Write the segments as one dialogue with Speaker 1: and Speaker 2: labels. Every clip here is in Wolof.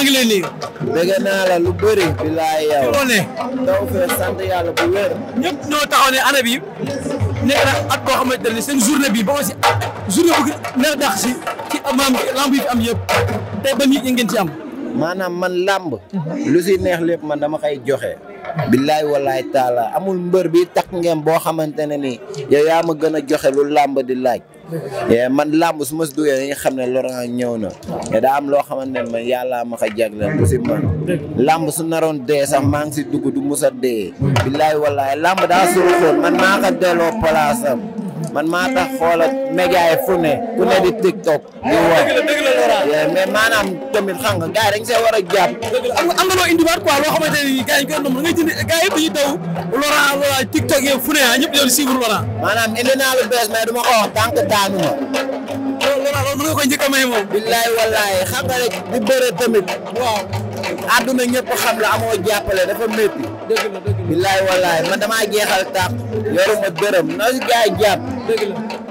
Speaker 1: maa ngi lay nuyu. dégg naa la lu bëri. bilaay yow fi daw fee sant yàlla bu wér. ñëpp ñoo taxaw ne année bi nekk na at boo xamante ne seen journée bi ba ma si journée bu neex dàq si ci maam lamb yi fi am yëpp tey ba nit ñi ngeen am. maanaam man làmb lu si neex lépp man dama koy joxe. billaay walaay taala amul mbër bi takk ngeen boo xamante ne nii yow yaa ma gën a joxe lu làmb di laaj. Eh, man làmb su ma si duggee dañuy xam ne Laurent ñëw na. te eh, daa am loo xamante ne man yàlla ma ko jagleel bu si man. làmb su naroon dee sax maa ngi si dugg du mus dee. billaay walaay làmb daa suruxoon man maa ko delloo palaasam. man maa tax xoolal média yi fu ne ku di TikTok di wooy mais maanaam tamit xam nga gars yi dañ see war a jàpp am nga loo indiwaat quoi loo xamante ne gars yi ko doon da ngay jënd gars yëpp dañuy daw Laurent ah, Laurent a di bëre tamit waaw àdduna ñëpp xam la amoo jàppale dafa métti dëgg la dëgg la jeexal tàq yoruma dërëm na gaa jàpp.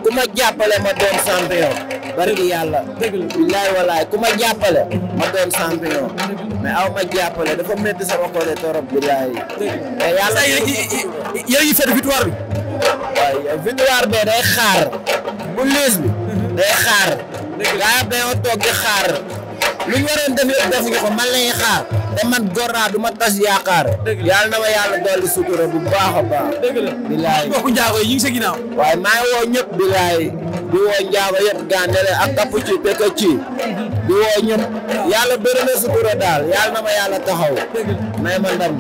Speaker 1: ku ma jàppale ma doon champion. barki yàlla. dëgg la billaay ku ma jàppale. ma doon champion. mais aw ma jàppale dafa métti sama côté torop billaay. dëgg yàlla yow yi victoire bi. victoire bee day xaar. bu liis bi. day xaar. dëgg la gaa dañoo toog di xaar. lu ñu waroon def yëpp def nga ko xaar te man góor naa du ma tas yaakaar yàlla na ma yàlla dolli sutura bu baax a baax bilaay mbokku njaago yi ñu sa ginnaaw waaye maa ngi woo ñëpp bilaay di woo njaago yëpp gàndele ak kapp ci pekk ci di woo ñëpp yàlla bëri na daal yàlla na ma yàlla taxaw may ma ndam